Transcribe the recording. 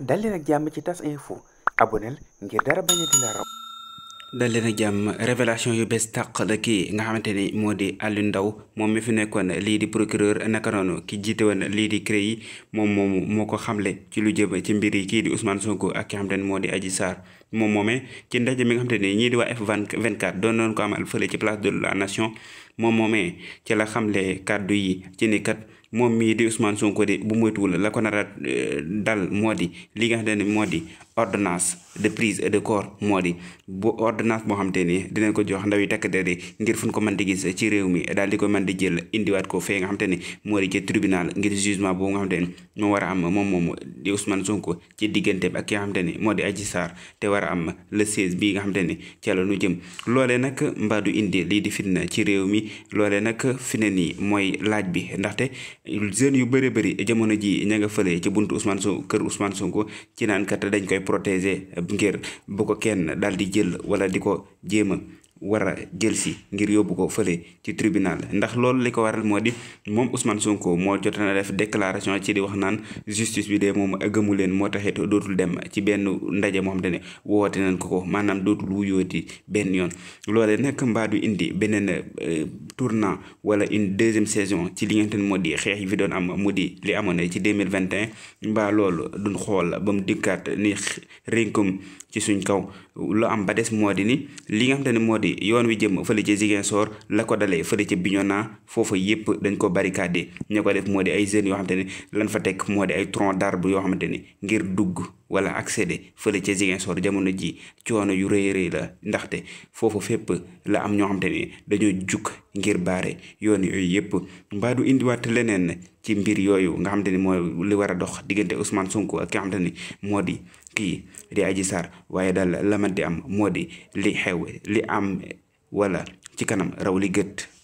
dal leen na jàmm ci tas info aboneel ngir dara bañ a di dal leen ak jàmm révélation yu bes tàq la kii nga xamante ni moo di Aliou ndaw moom mi fi nekkoon lii di procureur naka noonu ki jiite woon lii di CREI moom moom moo ko xam le ci lu jëm ci mbir yi kii di Ousmane Sonko ak ki nga xamante moo di Adji Sarr moom moomee ci ndaje mi nga xamante nii ñii di waa F24 doon nañ ko amal fële ci place de la nation moom moomee ci la xamle kàddu yi ci moom mii di Ousmane Sonko de bu moytuwul la ko nar euh, dal moo di li nga xam ne moo di ordonnance de prise de corps moo di bu ordonnance boo xam te ni dinañ ko jox ndaw yi takk der ngir fu ko mën di gis ci réew mi daal di ko mën di jël indiwaat ko fee nga xam te ni moo di ci tribunal ngir jugement boobu nga xam te ni moo war a am moom moomu di Ousmane Sonko ci digganteem ak ki nga xamante ni moo di Adji saar te war a am le 16 bii nga xamante ni ca la nu jëm loole nag mbaa du indi lii di fitna ci réew mi loolee nag fi ne nii mooy laaj bi ndaxte jeunes yu bëri bëri jamono ji ña nga fële ci buntu Ousmane Sonko kër Ousmane Sonko ci naan kat dañ koy protéger ngir bu ko kenn daal di jël wala di ko jéema war a jël si ngir yóbbu ko fële ci tribunal ndax loolu li ko waral moo di moom Ousmane Sonko moo jot na def déclaration ci di wax naan justice bi de moom gëmu leen moo taxit dootul dem ci benn ndaje moo xam te ne woote nañ ko ko maanaam dootul wuyooti benn yoon loolee nag mbaa du indi beneen euh, tournant wala une deuxième saison ci li ngeen moo di xeex yi fi doon am mu di li amoon ci deux mille vingt et un mbaa loolu duñ xool ba mu dikkaat ni rénkum ci suñ kaw lu am ba des moo di ni li nga xam ne moo di yoon wi jëm fële ca Ziguinchor la ko dalee fële ca Bignona foofa yëpp dañ ko barricadé ña ko def moo di ay jeunes yoo xamante ne lan fa teg moo de ay tronc d'arbre yoo xamante ne ngir dugg wala accéder fële ca Ziguinchor jamono ji coono yu rëy rëy la ndaxte foofu fépp la am ñoo xamante ne dañoo jukk ngir baare yoon yooyu yëpp mbaa du indiwaat leneen ci mbir yooyu nga xamante ni mooy li war a dox diggante Ousmane Sonko ak ki nga moo di kii di Adji Sarr waaye daal la man am moo di li xew li am wala ci kanam raw li gët